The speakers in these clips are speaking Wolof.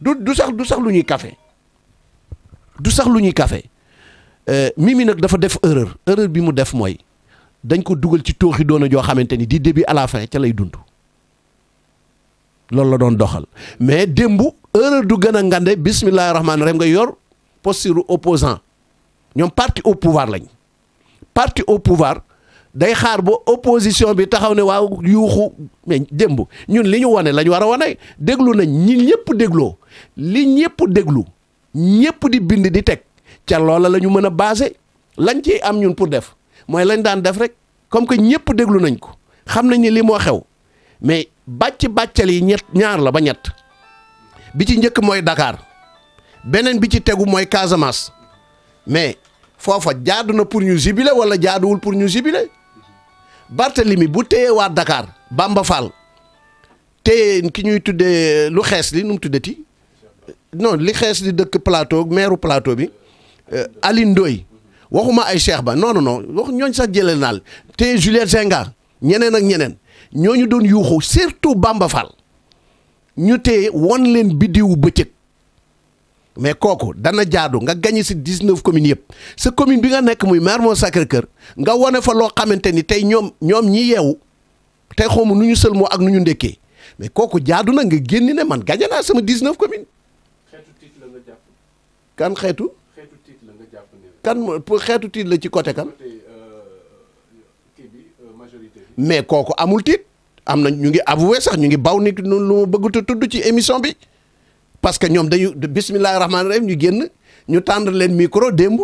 du du sax du sax lu ñuy kafe du sax lu ñuy café euh, Mimi nag dafa def erreur erreur bi mu def mooy dañ ko dugal ci tooxi doona joo xamante ni di début à ca lay dund loolu la doon doxal mais démb erreur du gën a ngande bismillahi rahmaani rahim nga yor posture opposant ñoom parti au pouvoir lañ parti au pouvoir day xaar ba opposition bi taxaw ne waaw yuuxu mais démb ñun li ñu wane la war a wane déglu nañ ñi ñëpp dégloo li ñëpp déglu ñëpp di bind di teg ca loola la ñu mën a basé lañ ci am ñun pour def mooy lañ daan def rek comme que ñëpp déglu nañ ko xam nañ ni li moo xew mais bàcc bàccal yi ñaar la ba ñett bi ci njëkk mooy dakaar beneen bi ci tegu mooy Casamance mais foofa jaadu na pour ñu jubiler wala jaaduwul pour ñu jubiler Barthélemy bu téyee waa Dakar Bamba Fall téyee ki ñuy tuddee lu xees li nu tuddee ti non li xees li dëkk plateau meeru plateau bi euh, Aline Ndoye waxuma ay Cheikh Ba non non non wax ñooñ sax jële naal téye Juliette Zinga ñeneen ak ñeneen ñoo ñu doon yuuxu surtout Bamba ñu téye won leen biddiwu bëccëg mais kooku dana jaadu nga gagné si 19 communes yëpp sa commune bi nga nekk muy Mermoz Sacré-Cœur nga wane fa loo xamante ni tey ñoom ñoom ñi yeewu tey xawma nu ñu sëlmoo ak nu ñu ndekkee mais kooku jaadu na nga génn ne man gagné naa sama 19 communes. xeetu kan xeetu. xeetu la xeetu titre la ci côté kan. Euh, euh, mais kooku amul titre am na ñu ngi avoué sax ñu ngi baw nit lu ma bëggute tudd ci émission bi. parce que ñoom dañu bismillahi rahmaani rahim ñu génn ñu tendre leen micro démb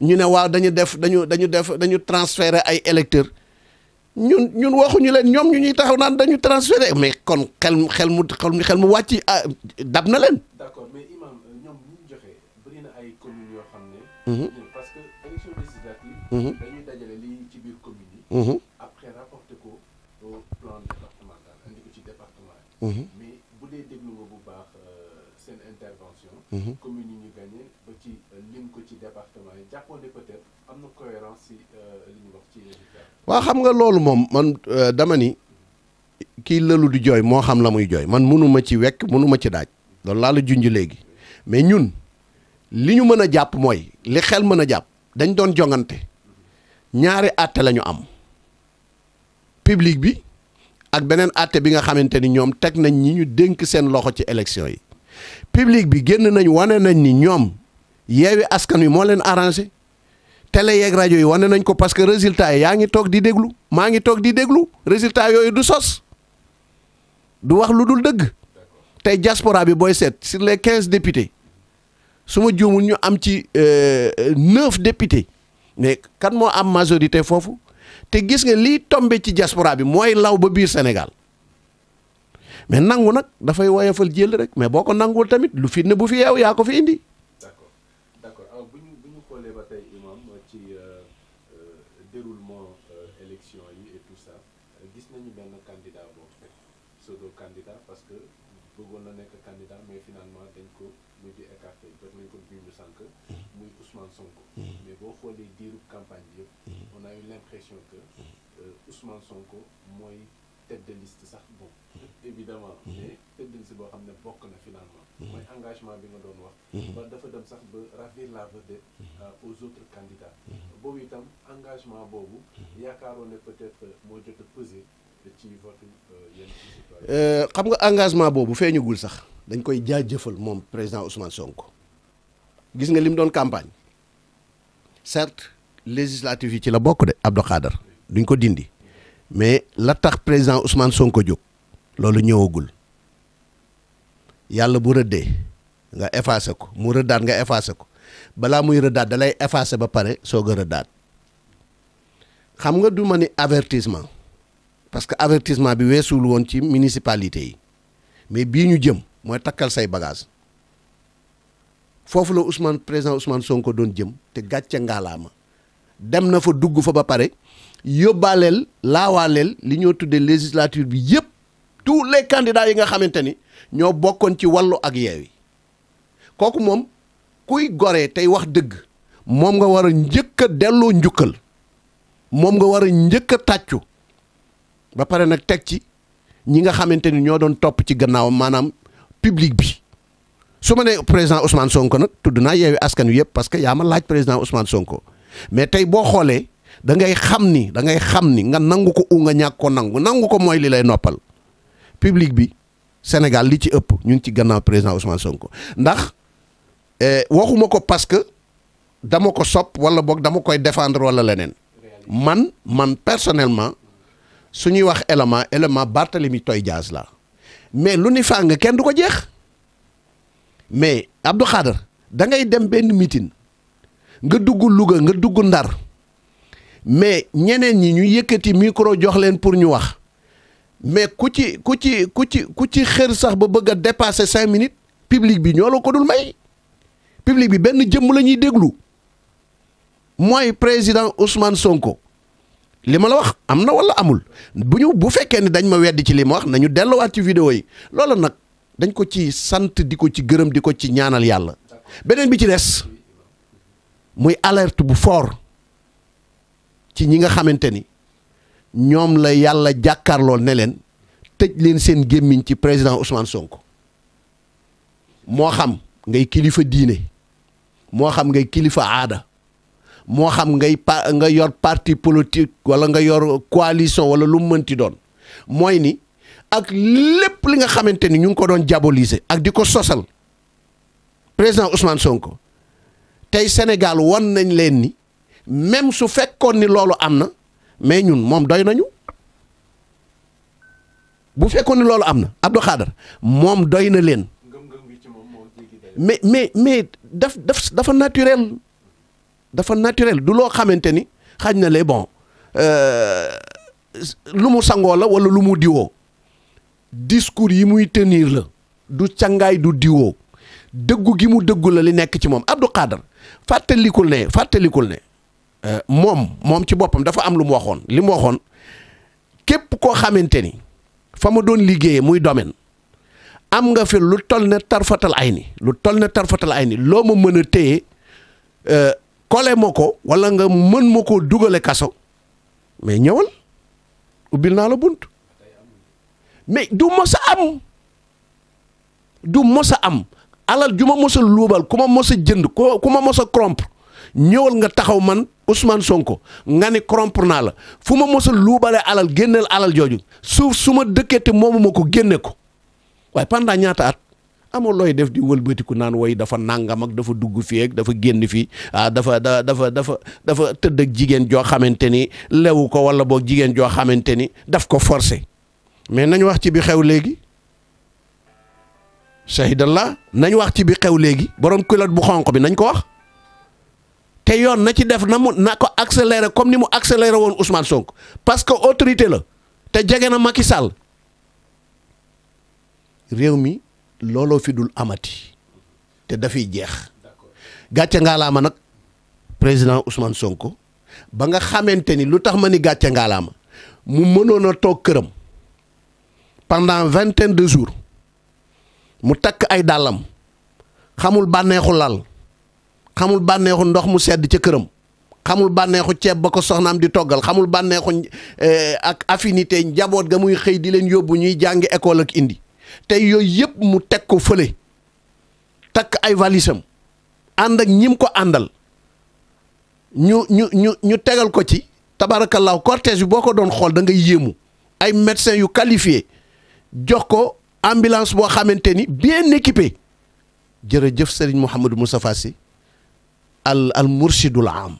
ñu ne waaw dañu def dañu dañu def dañu transférer ay électeurs ñun ñun waxuñu leen ñoom ñu ñuy taxaw naan dañu transférer mais kon xel mu xel mu xel mu wàcc ah dab na leen. d'accord mais imam euh, ñoom joxe bëri na ay communes yoo xam ne. Mhm. parce que mhm. ci biir Mhm. commune yi ñu gagné ba euh, euh, xam nga loolu moom man euh, dama ni kii lëlu di jooy moo xam la muy jooy man mënuma ci wekk mënuma ci daaj loolu laa la junj léegi mais ñun li ñu mën a jàpp mooy li xel mën a jàpp dañ doon jongante ñaari àtte la ñu am public bi ak beneen àtte bi nga xamante ni ñoom teg nañ ñi ñu dénk seen loxo ci élection yi public bi génn nañu wane nañ ni ñoom yeewi askan wi moo leen arrangé tele yeeg rajo yi wane nañ ko parce que résultat yaa ngi toog di déglu maa ngi toog di déglu résultat yooyu du sos du wax lu dul dëgg te diaspora bi booy seet sur les quinze députés su ma juumul ñu am ci euh, neuf députés mais kan moo am majorité foofu te gis nga liy tombe ci diaspora bi mooy law ba biir Sénégal mais nangu nag dafay woyefal jël rek mais boo ko nanguwul tamit lu fitne bu fi yeew yaa ko fi indi. d'accord d'accord alors bu ñu bu ñu xoolee ba tey imam ci euh, euh, déroulement euh, élection yi et tout ça gis nañu benn candidat boo xam pseudo candidat parce que bëggoon na nekk candidat mais finalement dañ ko mujj écarté jot nañ ko junj sànq. muy Ousmane Sonko. mais boo xoolee diiru campagne bi yëpp. Mm-hmm. on a eu l'impression que Ousmane Sonko mooy. tête de sax bon évidemment mhm. mais tête boo xam ne bokk na finalement mhm. mooy engagement bi nga doon wax mhm. ba dafa dem sax ba ravir la vedette euh, aux autres candidats boobu itam engagement boobu yaakaaroon ne peut euh, moo jot a peser ci vote euh, yenn xam nga engagement boobu feeñugul sax dañ koy jëfal moom président Ousmane Sonko gis nga li mu doon campagne certes législative yi ci la bokk de Abdou Khader duñ ko dindi mais la tax président Ousmane Sonko jóg loolu ñëwagul yàlla bu rëddee nga effacé ko mu rëddaat nga effacé ko balaa muy rëddaat da lay ba pare soog a xam nga du ma ni avertissement parce que avertissement bi weesul woon ci municipalité yi mais bii ñu jëm mooy takkal say bagage foofu la Ousmane président Ousmane Sonko doon jëm te gàcce ngaalaama dem na fa dugg fa ba pare. yóbbaaleel laawaaleel li ñoo tuddee législature bi yëpp tous les yi nga xamante ni ñoo bokkoon ci wàllu ak yeewi kooku moom kuy goree tey wax dëgg moom nga war a njëkk a delloo njukkal moom nga war a njëkk a tàccu ba pare nag teg ci ñi nga xamante ni ñoo doon topp ci gannaawam maanaam public bi su ma nee président Ousmane Sonko nag tudd naa yeewi askan wi yëpp parce que yaa ma laaj président Ousmane Sonko mais tey boo xoolee da ngay xam ni da ngay xam ni nga nangu ko u nga ñàkk ko nangu nangu ko mooy li lay noppal public bi Sénégal li ci ëpp ñu ngi ci gannaaw président son ko ndax eh, waxuma ko parce que dama ko sopp wala boog dama koy défendre wala leneen man man personnellement su ñuy wax élément élément Barthélemy Toye jaas la mais lu ni fàng kenn du ko jeex mais Abdou Khader da ngay dem benn meeting nga dugg Louga nga dugg Ndar mais ñeneen ñi ñu yëkkati micro jox leen pour ñu wax mais ku ci ku ci ku ci ku ci xër sax ba bëgg a dépasser cinq minutes public bi ñoo la ko dul may public bi benn jëmm la ñuy déglu mooy président Ousmane Sonko li ma la wax am na wala amul bu ñu bu fekkee ni dañ ma weddi ci li ma wax nañu delluwaat ci vidéo yi loolu nag dañ ko ci sant di ko ci gërëm di ko ci ñaanal yàlla beneen bi ci des muy alerte bu foor ci ñi nga xamante ni ñoom la yàlla jàkkaarlool ne leen tëj leen seen gémmiñ ci président Ousmane Sonko moo xam ngay kilifa diine moo xam ngay kilifa aada moo xam ngay pa nga yor parti politique wala nga yor coalition wala lu mu mënti doon mooy ni ak lépp li nga xamante ni ñu ngi ko doon diaboliser ak di ko sosal président Ousmane Sonko tey Sénégal wan nañ leen ni même su fekkoon ni loolu am na mais ñun moom doy nañu bu fekkoon ni loolu am na Abdou Khadar moom doy na leen mais mais mais daf daf dafa naturel dafa naturel du loo xamante ni xaaj na lee bon euh, lu mu sangoo la walla lu mu diwoo discours yi muy tenir la du cangaay du diwoo dëggu gi mu dëggu la li nekk ci moom Abdou Khadar fàttalikul ne fàttalikul ne Euh, moom moom ci boppam dafa am lu mu waxoon li mu waxoon képp koo xamante ni fa ma doon liggéeyee muy domaine am nga fi lu toll ne tarfatal ay ni lu toll ne tarfatal ay ni loo ma mën a téye kole euh, ma ko wala nga mën ma ko dugale kaso mais ñëwal ubbil naa la bunt mais du mos a am du mos a am alal ju ma mos a luubal ku ma mos a jënd ku ma mos a corrompre ñëwal nga taxaw man Ousmane Sonko nga ni corrompre naa la fu ma mos a luubalee alal génneel alal jooju suuf su ma dëkkee te moomu ma ko génne ko waaye pendant ñaata at amoo looy def di wëlbatiku naan woy dafa nangam ak dafa dugg fii ak dafa génn fii ah dafa da dafa dafa dafa tëdd ak jigéen joo xamante ni lewu ko wala boo jigéen joo xamante ni daf ko forcé mais nañu wax ci bi xew léegi sahidallah nañu wax ci bi xew léegi borom culotte bu xonq bi nañ ko wax. te yoon na ci def na mu na ko accélérer comme ni mu accélérer woon Ousmane Sonko parce que autorité la te jege na Macky sàll réew mi looloo fi dul amati te dafiy jeex gàcce ngaalaama nag président Ousmane Sonko ba nga xamante ni lu tax ma ni gàcce ngaalaama mu mënoon a toog këram pendant vingtaine de jours mu takk ay dàllam xamul bànneexu lal xamul bànneexu ndox mu sedd ca këram xamul bànneexu ceeb ba ko soxnaam di toggal xamul bànneexu eh, ak affinité njaboot ga muy xëy di leen yóbbu ñuy jàngi école ak indi tey yooyu yëpp mu teg ko fële takk ay valisam ànd ak ñim ko àndal ñu ñu ñu ñu tegal ko ci tabarakallaahu cortège bi boo ko doon xool dangay ngay yéemu ay médecins yu qualifié jox ko ambulance boo xamante ni bien équipé jërëjëf Serigne Mouhamadou Moustapha Sy al al la am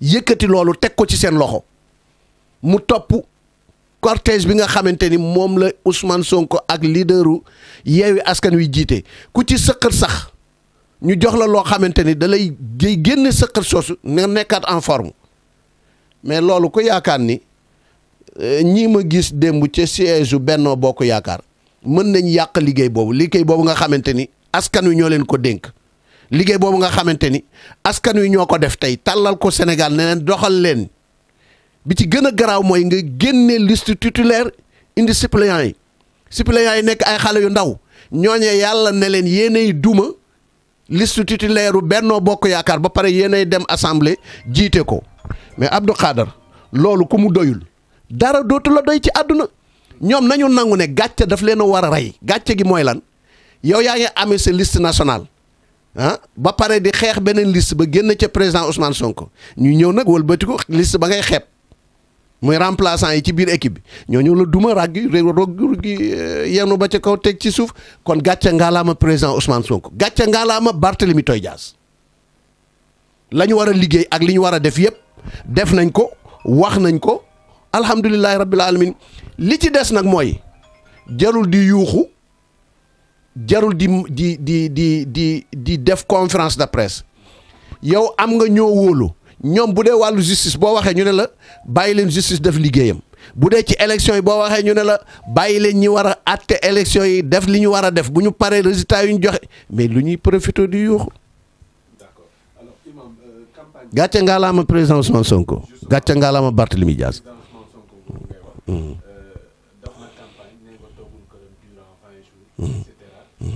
yëkkati loolu teg ko ci seen loxo mu topp cortège bi nga xamante ni moom la Ousmane Sonko ak leaderu Yewwi Askan Wi jiite ku ci sëqër sax ñu jox la loo xamante ni dalay géey day génne sëqër soosu nga nekkaat en forme mais loolu ko yaakaar ni euh, ñii ma gis démb ca siège boo ko Yaakaar mën nañ yàq liggéey boobu liggéey boobu nga xamante ni askan wi ñoo leen ko dénk liggéey boobu nga xamante ni askan wi ñoo ko def tey tàllal ko Sénégal ne doxal leen bi ci gën a garaaw mooy nga génne liste titulaire indi suppléants yi suppléants yi nekk ay xale yu ndaw ñooñee yàlla ne leen yéenay duma liste titulaire u Benno Bokk Yaakaar ba pare yéenay dem assemblée jiite ko mais Abdou loolu ku mu doyul dara dootu la doy ci àdduna ñoom nañu nangu ne gàcce daf leen a war a rey gàcce gi mooy lan yow yaa ngi amee sa liste nationale ah ba pare di xeex beneen liste ba génn ca président Ousmane Sonko ñu ñëw nag wëlbati ko liste ba ngay xeeb muy remplaçant yi ci biir équipe bi ñoo ñëw la duma ràggi roggi yenu ba ca kaw teg ci suuf kon gàcce ngaalaama président Ousmane Sonko gàcce ngaalaama Barthélemy Toye Dias la ñu war a liggéey ak li ñu war a def yëpp def nañ ko wax nañ ko alhamdulilahi rabbil alamin li ci des nag mooy jarul di yuuxu jarul di di di di di di def conférence de presse yow am nga ñoo wóolu ñoom bu dee wàllu justice boo waxee ñu ne la bàyyi leen justice def liggéeyam bu dee ci élection yi boo waxee ñu ne la bàyyi leen ñi war a àtte élection yi def li ñu war a def bu ñu paree résultat yu ñu joxe mais lu ñuy profité di yuuxu. d'accord alors imam euh, campagne. Sonko. gàcce ngaalaama Barthélemy Diaz. président Ousmane Sonko